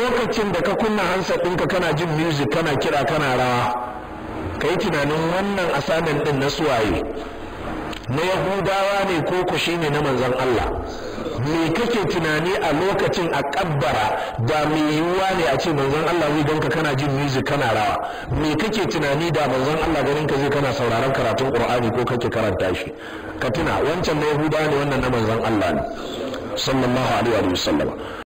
lokacin da ka kunna hansa ɗinka kana jin music kana kira kana rawa ka yi tunanin wannan asanin ɗin na suwaye na yahudawa ne ko ku shi ne na manzan Allah me kake tunani a lokacin a ƙabbara da me yiwuwa ne a ce manzan Allah zai ganka kana jin music kana rawa me kake tunani da manzan Allah ganin ka zai kana sauraron karatun Qur'ani ko kake karanta shi ka tuna wancan na yahudawa ne wannan na manzan Allah ne sallallahu alaihi wa sallam